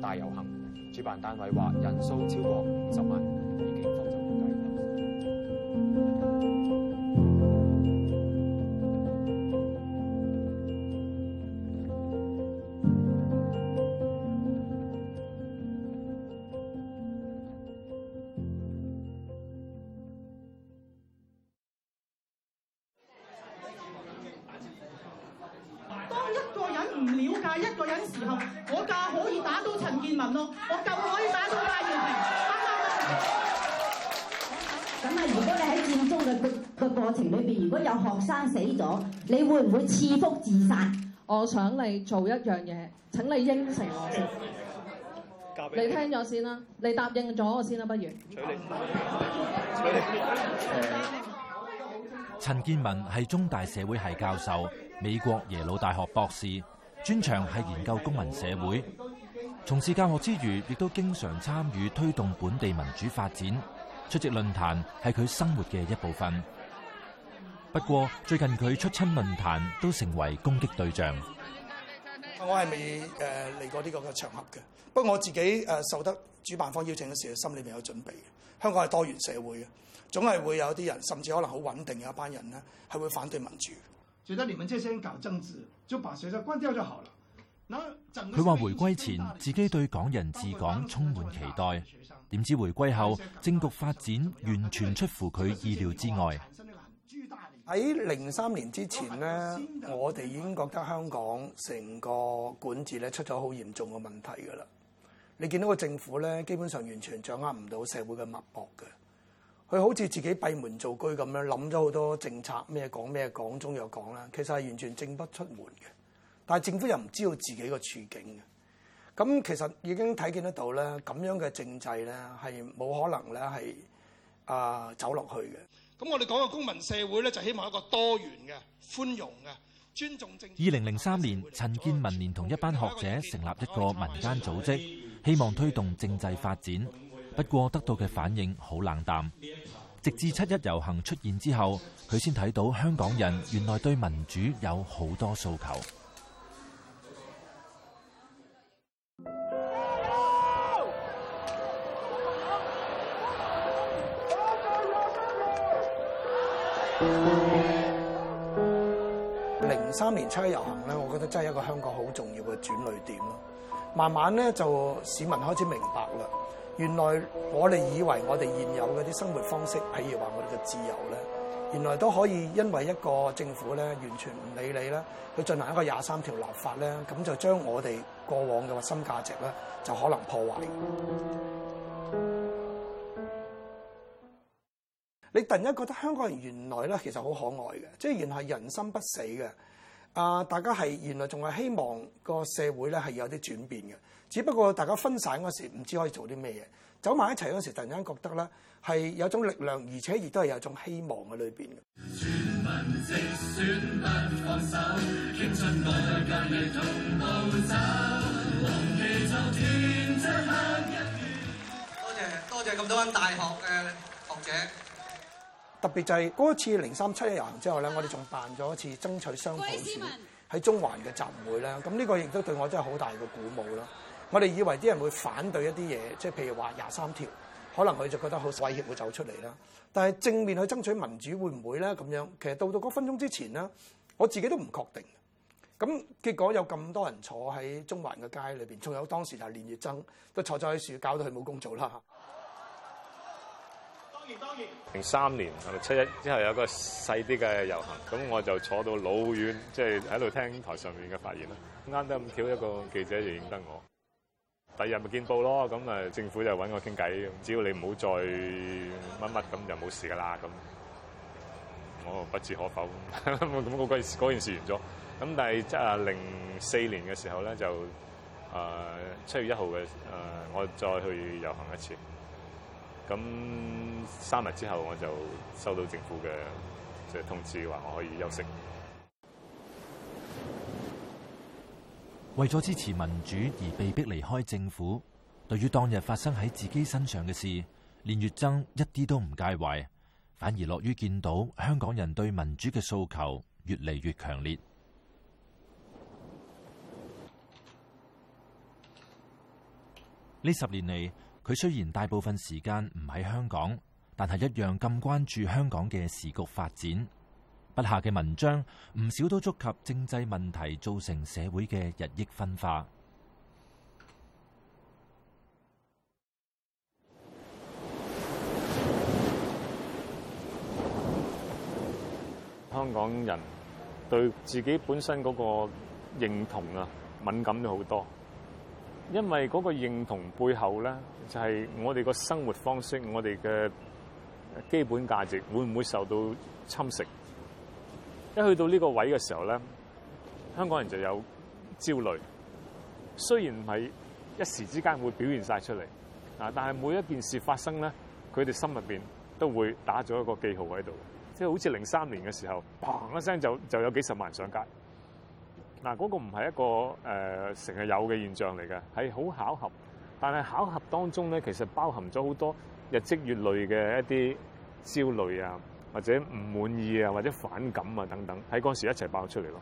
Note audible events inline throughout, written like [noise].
大遊行，主辦單位話人數超過五十萬。唔了解一個人時候，我就可以打到陳健民咯，我夠可以打到戴耀廷，啱咁啊，如果你喺佔中嘅個過程裏面，如果有學生死咗，你會唔會切腹自殺？我想你做一樣嘢，請你應承我，我先。你聽咗先啦，你答應咗我先啦，不如？陳健民係中大社會系教授，美國耶魯大學博士。專長係研究公民社會，從事教學之餘，亦都經常參與推動本地民主發展，出席論壇係佢生活嘅一部分。不過最近佢出親論壇都成為攻擊對象。我係未誒嚟過呢個嘅場合嘅，不過我自己受得主辦方邀請嘅時候，心裏面有準備。香港係多元社會嘅，總係會有啲人，甚至可能好穩定嘅一班人咧，係會反對民主。覺得你們這些人搞政治，就把學校關掉就好了。佢話，回歸前自己對港人治港充滿期待，點知回歸後政局發展完全出乎佢意料之外。喺零三年之前呢，我哋已經覺得香港成個管治咧出咗好嚴重嘅問題噶啦。你見到個政府咧，基本上完全掌握唔到社會嘅脈搏嘅。佢好似自己閉門造車咁樣，諗咗好多政策，咩講咩講，中又講啦。其實係完全政不出門嘅，但係政府又唔知道自己個處境嘅。咁其實已經睇見得到咧，咁樣嘅政制咧係冇可能咧係啊走落去嘅。咁我哋講嘅公民社會咧，就希望一個多元嘅、寬容嘅、尊重政治。二零零三年，陳健民連同一班學者成立一個民間組織，希望推動政制發展。不過得到嘅反應好冷淡，直至七一遊行出現之後，佢先睇到香港人原來對民主有好多訴求。零三年七一遊行呢，我覺得真係一個香港好重要嘅轉捩點咯。慢慢呢，就市民開始明白啦。原來我哋以為我哋現有嘅啲生活方式，譬如話我哋嘅自由咧，原來都可以因為一個政府咧，完全唔理你啦，去進行一個廿三條立法咧，咁就將我哋過往嘅核心價值咧，就可能破壞。 [music] 你突然間覺得香港人原來咧，其實好可愛嘅，即係原來人心不死嘅。啊！大家係原來仲係希望個社會咧係有啲轉變嘅，只不過大家分散嗰時唔知可以做啲咩嘢，走埋一齊嗰時突然間覺得咧係有種力量，而且亦都係有種希望喺裏邊嘅。多謝多謝咁多位大學嘅學者。特別就係嗰次零三七一遊行之後咧，我哋仲辦咗一次爭取雙普選喺中環嘅集會咧。咁呢個亦都對我真係好大嘅鼓舞啦。我哋以為啲人會反對一啲嘢，即係譬如話廿三條，可能佢就覺得好威脅會走出嚟啦。但係正面去爭取民主會唔會咧咁樣？其實到到嗰分鐘之前咧，我自己都唔確定。咁結果有咁多人坐喺中環嘅街裏邊，仲有當時就係練乙錚都坐咗喺樹，搞到佢冇工做啦。零三年係咪七一之後有一個細啲嘅遊行，咁我就坐到老遠，即係喺度聽台上面嘅發言啦。啱得咁巧一個記者就認得我。第二日咪見報咯，咁誒政府就揾我傾偈，只要你唔好再乜乜咁，就冇事噶啦咁。我唔不置可否。咁嗰個嗰件事完咗。咁但係即係零四年嘅時候咧，就誒七、呃、月一號嘅誒，我再去遊行一次。咁三日之後，我就收到政府嘅通知，話我可以休息。為咗支持民主而被迫離開政府，對於當日發生喺自己身上嘅事，練乙錚一啲都唔介懷，反而樂於見到香港人對民主嘅訴求越嚟越強烈。呢十年嚟。佢雖然大部分時間唔喺香港，但係一樣咁關注香港嘅時局發展。筆下嘅文章唔少都觸及政制問題，造成社會嘅日益分化。香港人對自己本身嗰個認同啊，敏感咗好多，因為嗰個認同背後呢。就係我哋個生活方式，我哋嘅基本價值會唔會受到侵蝕？一去到呢個位嘅時候咧，香港人就有焦慮，雖然唔係一時之間會表現晒出嚟啊，但係每一件事發生咧，佢哋心入邊都會打咗一個記號喺度。即係好似零三年嘅時候，砰一聲就就有幾十萬人上街。嗱，嗰個唔係一個誒成日有嘅現象嚟嘅，係好巧合。但係考核當中咧，其實包含咗好多日積月累嘅一啲焦慮啊，或者唔滿意啊，或者反感啊等等，喺嗰時一齊爆出嚟咯。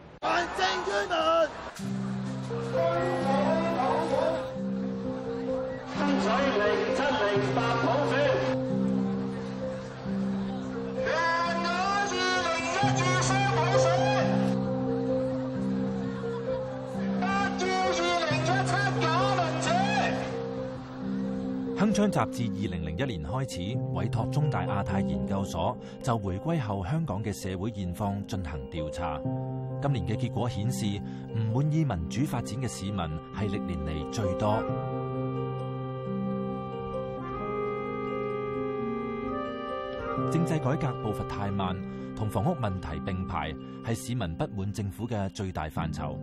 《鏗鏘集》自二零零一年開始委託中大亞太研究所就回歸後香港嘅社會現況進行調查。今年嘅結果顯示，唔滿意民主發展嘅市民係歷年嚟最多。政制改革步伐太慢，同房屋問題並排，係市民不滿政府嘅最大範疇。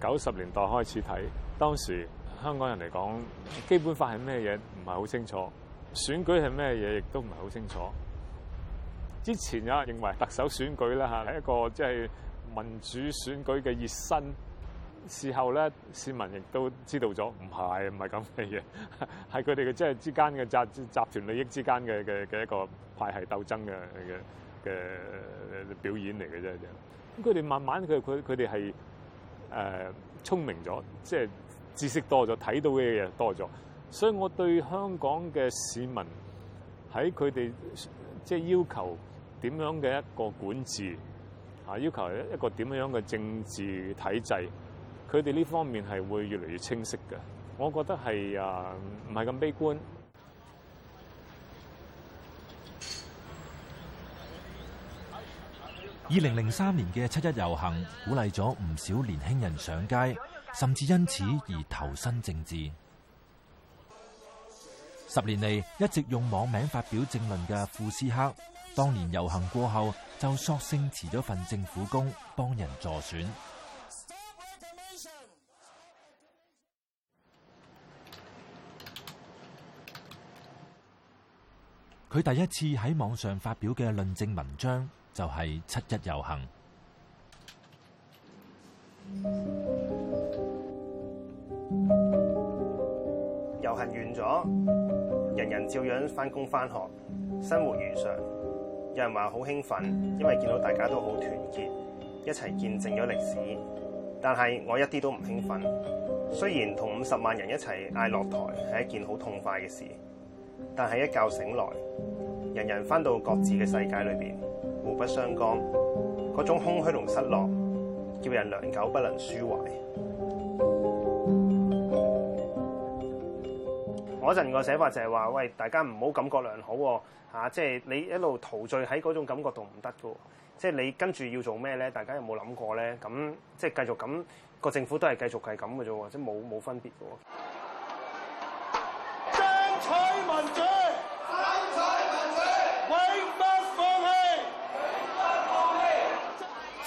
九十年代開始睇，當時香港人嚟講，《基本法》係咩嘢？唔係好清楚。選舉係咩嘢？亦都唔係好清楚。之前有人認為特首選舉啦嚇係一個即係民主選舉嘅熱身。事後咧，市民亦都知道咗，唔係唔係咁嘅嘢，係佢哋嘅即係之間嘅集集團利益之間嘅嘅嘅一個派系鬥爭嘅嘅嘅表演嚟嘅啫。咁佢哋慢慢嘅，佢佢哋係。誒聰明咗，即係知識多咗，睇到嘅嘢多咗，所以我對香港嘅市民喺佢哋即係要求點樣嘅一個管治啊，要求一個點樣嘅政治體制，佢哋呢方面係會越嚟越清晰嘅。我覺得係誒唔係咁悲觀。二零零三年嘅七一遊行，鼓勵咗唔少年輕人上街，甚至因此而投身政治。十年嚟一直用網名發表政論嘅庫斯克，當年遊行過後就索性辭咗份政府工，幫人助選。佢第一次喺網上發表嘅論證文章，就係七一遊行，遊行完咗，人人照樣返工返學，生活如常。有人話好興奮，因為見到大家都好團結，一齊見證咗歷史。但係我一啲都唔興奮。雖然同五十萬人一齊嗌落台係一件好痛快嘅事，但係一覺醒來，人人返到各自嘅世界裏邊。互不相干，嗰種空虛同失落，叫人良久不能抒懷。 [music] 我嗰陣個寫法就係話，喂，大家唔好感覺良好喎，嚇，即係你一路陶醉喺嗰種感覺度唔得嘅。即係你跟住要做咩咧？大家有冇諗過咧？咁即係繼續咁，個政府都係繼續係咁嘅啫，即係冇冇分別嘅。爭取民主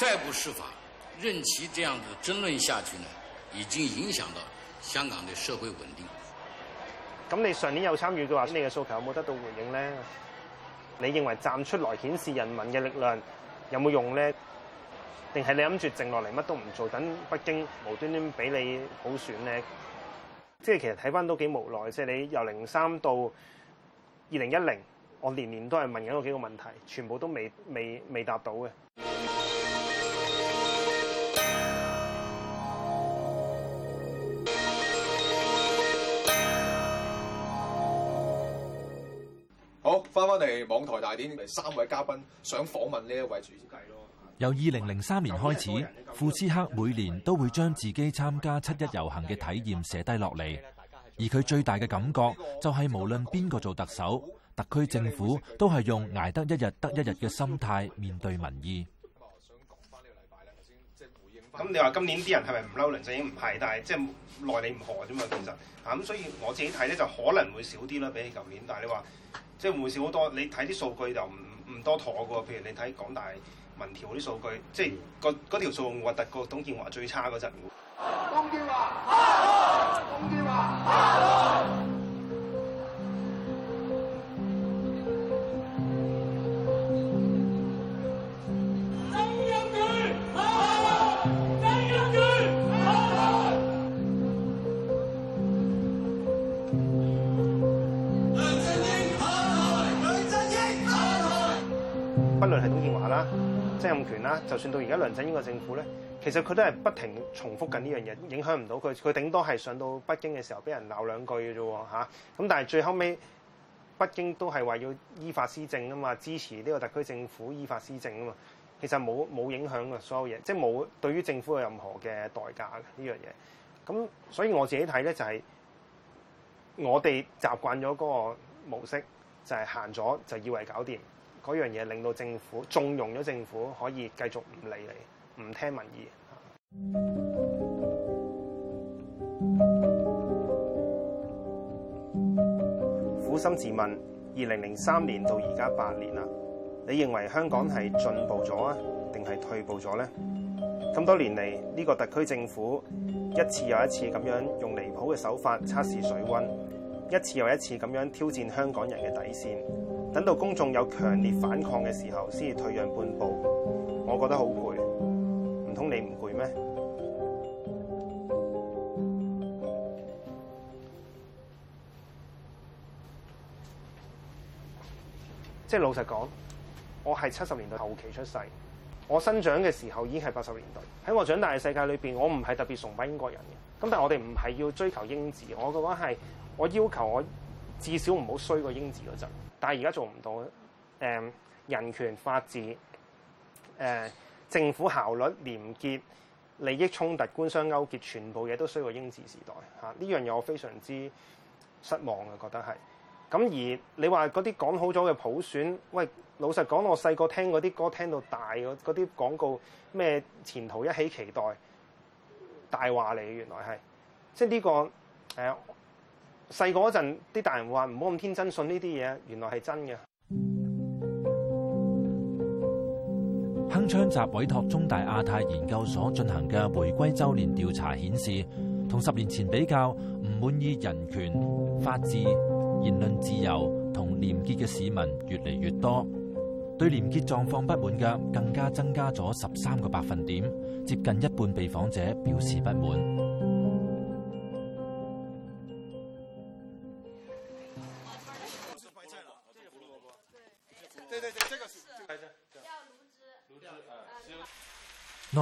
再不釋法，任其這樣子爭論下去呢，已經影響到香港的社會穩定。咁你上年有參與嘅話，你嘅訴求有冇得到回應呢？你認為站出來顯示人民嘅力量有冇用呢？定係你諗住靜落嚟乜都唔做，等北京無端端俾你普選呢？即係其實睇翻都幾無奈，即係你由零三到二零一零，我年年都係問緊嗰幾個問題，全部都未未未答到嘅。翻翻嚟網台大典，三位嘉賓想訪問呢一位主計咯。由二零零三年開始，庫斯克每年都會將自己參加七一遊行嘅體驗寫低落嚟。而佢最大嘅感覺就係，無論邊個做特首，特區政府都係用捱得一日得一日嘅心態面對民意。我想講翻呢個禮拜咧，先即係回應翻。咁你話今年啲人係咪唔嬲？梁振英唔係，但係即係內地唔賀啫嘛。其實啊，咁所以我自己睇咧，就可能會少啲啦，比起舊年。但係你話。即係會唔會少好多？你睇啲數據就唔唔多妥㗎。譬如你睇港大民調啲數據，即係個嗰條數核突過董建華最差嗰陣。董建華啦，責任權啦，就算到而家梁振英個政府咧，其實佢都係不停重複緊呢樣嘢，影響唔到佢，佢頂多係上到北京嘅時候俾人鬧兩句嘅啫喎嚇。咁但係最後尾，北京都係話要依法施政啊嘛，支持呢個特區政府依法施政啊嘛。其實冇冇影響嘅所有嘢，即係冇對於政府有任何嘅代價嘅呢樣嘢。咁所以我自己睇咧就係我哋習慣咗嗰個模式，就係行咗就以為搞掂。嗰樣嘢令到政府縱容咗政府，可以繼續唔理你，唔聽民意。苦心自問，二零零三年到而家八年啦，你認為香港係進步咗啊，定係退步咗呢？咁多年嚟，呢個特區政府一次又一次咁樣用離譜嘅手法測試水溫，一次又一次咁樣挑戰香港人嘅底線。等到公眾有強烈反抗嘅時候，先至退讓半步，我覺得好攰。唔通你唔攰咩？即係老實講，我係七十年代後期出世，我生長嘅時候已經係八十年代，喺我長大嘅世界裏邊，我唔係特別崇拜英國人嘅。咁但係我哋唔係要追求英治，我嘅話係我要求我至少唔好衰過英治嗰陣。但係而家做唔到，誒人權、法治，誒政府效率、廉潔、利益衝突、官商勾結，全部嘢都需要英治時代嚇，呢樣嘢我非常之失望啊，覺得係。咁而你話嗰啲講好咗嘅普選，喂，老實講，我細個聽嗰啲歌聽到大，嗰啲廣告咩前途一起期待，大話嚟原來係，即係呢個係。細個嗰陣，啲大人話唔好咁天真，信呢啲嘢，原來係真嘅。鏗鏘集委託中大亞太研究所進行嘅回歸週年調查顯示，同十年前比較，唔滿意人權、法治、言論自由同廉潔嘅市民越嚟越多，對廉潔狀況不滿嘅更加增加咗十三個百分點，接近一半被訪者表示不滿。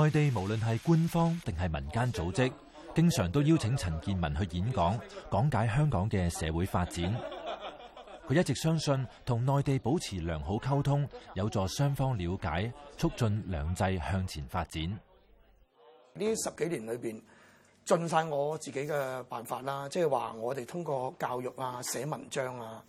內地無論係官方定係民間組織，經常都邀請陳健民去演講，講解香港嘅社會發展。佢一直相信同內地保持良好溝通，有助雙方了解，促進兩制向前發展。呢十幾年裏邊，盡晒我自己嘅辦法啦，即係話我哋通過教育啊、寫文章啊、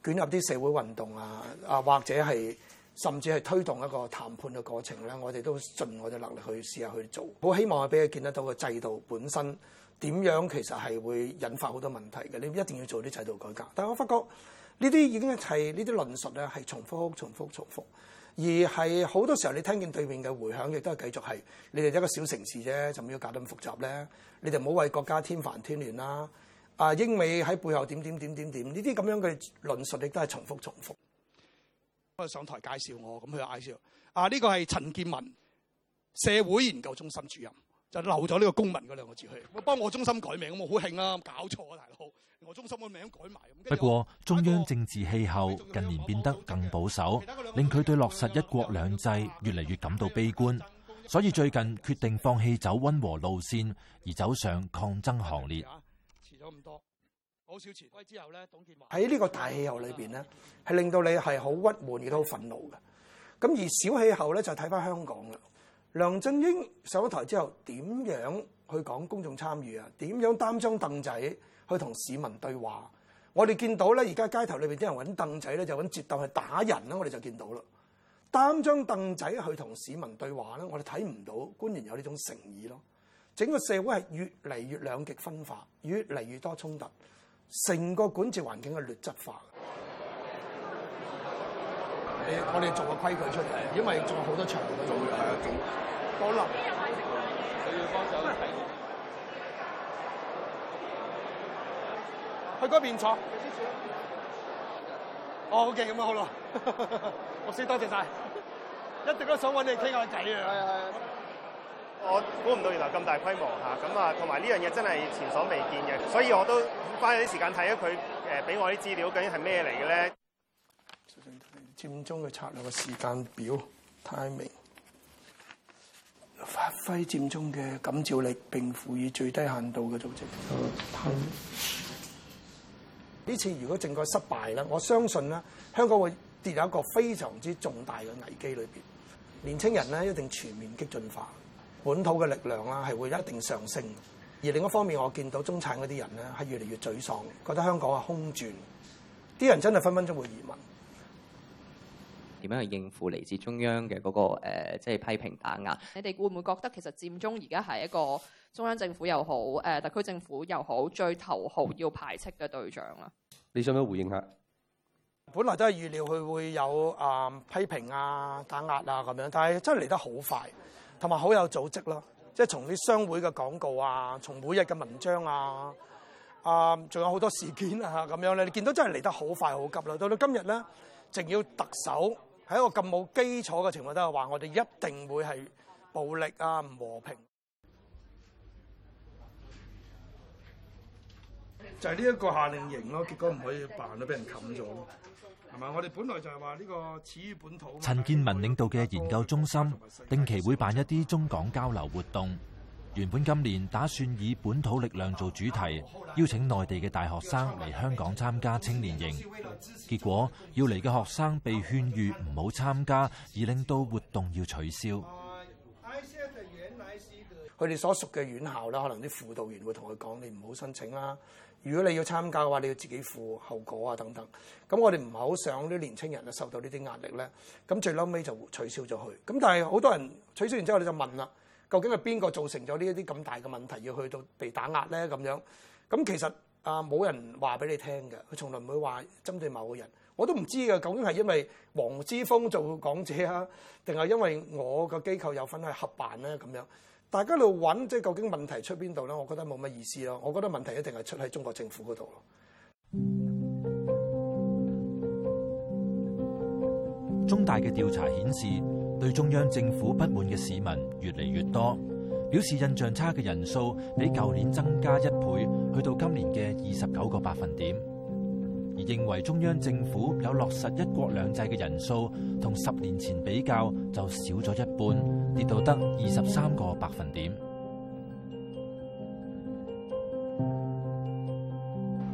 捲入啲社會運動啊，啊或者係。甚至係推動一個談判嘅過程咧，我哋都盡我哋嘅能力去試下去做，好希望啊俾佢見得到個制度本身點樣，其實係會引發好多問題嘅，你一定要做啲制度改革。但我發覺呢啲已經係呢啲論述咧係重複重複重複，重複，而係好多時候你聽見對面嘅迴響，亦都係繼續係你哋一個小城市啫，就唔要搞咁複雜咧，你哋唔好為國家添煩添亂啦。啊，英美喺背後點點點點點呢啲咁樣嘅論述亦都係重複重複。重複。我上台介紹我，咁佢介紹啊！呢、這個係陳健民社會研究中心主任，就漏咗呢個公民嗰兩個字去。我、啊、幫我中心改名，我好慶啊！搞錯啊，大佬，我中心個名改埋。不過中央政治氣候近年變得更保守，令佢對落實一國兩制越嚟越感到悲觀，所以最近決定放棄走溫和路線，而走上抗爭行列。遲咗咁多。好少傳歸之後咧，董建華喺呢個大氣候裏邊咧，係令到你係好鬱悶亦都好憤怒嘅。咁而小氣候咧就睇返香港啦。梁振英上咗台之後，點樣去講公眾參與啊？點樣擔張凳仔去同市民對話？我哋見到咧，而家街頭裏邊啲人揾凳仔咧，就揾折凳去打人啦。我哋就見到啦，擔張凳仔去同市民對話咧，我哋睇唔到官員有呢種誠意咯。整個社會係越嚟越兩極分化，越嚟越多衝突。成個管治環境嘅劣質化，我哋做個規矩出嚟，因為仲有好多場。好啦，去嗰邊坐。哦，OK，咁樣好啦，老師多謝晒。一直都想搵你傾下偈啊。我估唔到原來咁大規模嚇，咁啊，同埋呢樣嘢真係前所未見嘅，所以我都花咗啲時間睇下佢誒俾我啲資料，究竟係咩嚟嘅咧？佔中嘅策略嘅時間表 timing，發揮佔中嘅感召力，並賦予最低限度嘅組織。呢次如果政改失敗咧，我相信咧香港會跌入一個非常之重大嘅危機裏邊。年輕人咧一定全面激進化，本土嘅力量啦，係會一定上升的。而另一方面，我見到中產嗰啲人咧，係越嚟越沮喪，覺得香港係空轉，啲人真係分分鐘會移民。點樣去應付嚟自中央嘅嗰、嗰個誒、呃，即係批評打壓？你哋會唔會覺得其實佔中而家係一個中央政府又好，誒、呃、特區政府又好，最頭號要排斥嘅對象啊，你想唔想回應下？本來都係預料佢會有誒、呃、批評啊、打壓啊咁樣，但係真係嚟得好快。同埋好有組織咯，即係從啲商會嘅廣告啊，從每日嘅文章啊，啊，仲有好多事件啊咁樣咧，你見到真係嚟得好快好急啦！到到今日咧，淨要特首喺一個咁冇基礎嘅情況底下話，我哋一定會係暴力啊，唔和平，就係呢一個夏令營咯，結果唔可以辦都，俾人冚咗。陳我哋本來就係話呢個本土。陳建文領導嘅研究中心定期會辦一啲中港交流活動。原本今年打算以本土力量做主題，邀請內地嘅大學生嚟香港參加青年營。結果要嚟嘅學生被勸喻唔好參加，而令到活動要取消。佢哋所屬嘅院校啦，可能啲輔導員會同佢講，你唔好申請啦。如果你要參加嘅話，你要自己負後果啊等等。咁我哋唔係好想啲年青人啊受到呢啲壓力咧。咁最嬲尾就取消咗佢。咁但係好多人取消完之後你就問啦：究竟係邊個造成咗呢一啲咁大嘅問題要去到被打壓咧？咁樣，咁其實啊，冇人話俾你聽嘅，佢從來唔會話針對某個人。我都唔知嘅，究竟係因為黃之峰做講者啊，定係因為我個機構有份係合辦咧咁樣？大家度揾，即究竟問題出邊度咧？我覺得冇乜意思咯。我覺得問題一定係出喺中國政府嗰度。中大嘅調查顯示，對中央政府不滿嘅市民越嚟越多，表示印象差嘅人數比舊年增加一倍，去到今年嘅二十九個百分點。認為中央政府有落實一國兩制嘅人數，同十年前比較就少咗一半，跌到得二十三個百分點。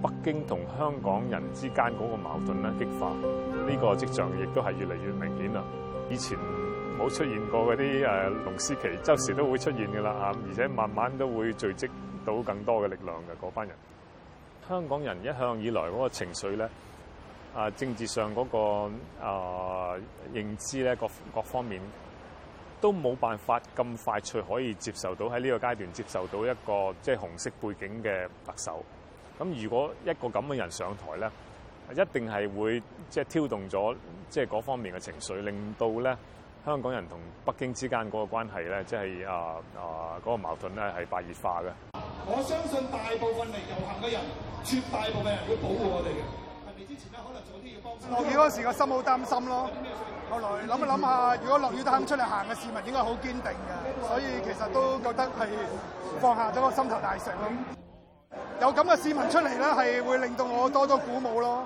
北京同香港人之間嗰個矛盾咧，激化呢個跡象亦都係越嚟越明顯啦。以前冇出現過嗰啲誒，龍獅旗周時都會出現噶啦啊，而且慢慢都會聚積到更多嘅力量嘅嗰班人。香港人一向以來嗰個情緒咧，啊政治上嗰、那個啊、呃、認知咧，各各方面都冇辦法咁快脆可以接受到喺呢個階段接受到一個即係、即係、紅色背景嘅特首。咁如果一個咁嘅人上台咧，一定係會即係、即係、挑動咗即係嗰方面嘅情緒，令到咧。香港人同北京之間嗰個關係咧，即係啊啊嗰個矛盾咧係白熱化嘅。我相信大部分嚟遊行嘅人，絕大部分人會保護我哋嘅。嚟之前咧，可能早啲要幫。落雨嗰時個心好擔心咯。後來諗一諗下，如果落雨都肯出嚟行嘅市民，應該好堅定嘅。所以其實都覺得係放下咗個心頭大石咯。有咁嘅市民出嚟咧，係會令到我多多鼓舞咯。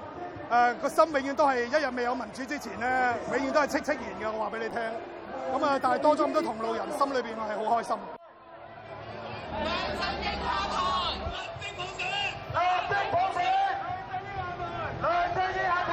誒個心永遠都係一日未有民主之前咧，永遠都係戚戚然嘅。我話俾你聽，咁啊，但係多咗咁多同路人，心裏邊我係好開心。下下下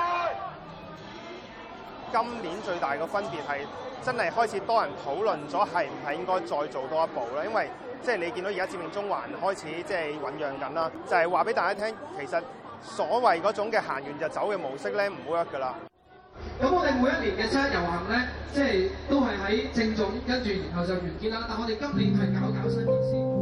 今年最大嘅分別係真係開始多人討論咗，係唔係應該再做多一步咧？因為即係你見到而家佔領中環開始即係醞釀緊啦。就係話俾大家聽，其實。所謂嗰種嘅行完就走嘅模式咧，唔 work 㗎啦。咁我哋每一年嘅七一遊行咧，即係都係喺政總，跟住然後就完結啦。但我哋今年係搞搞新意先。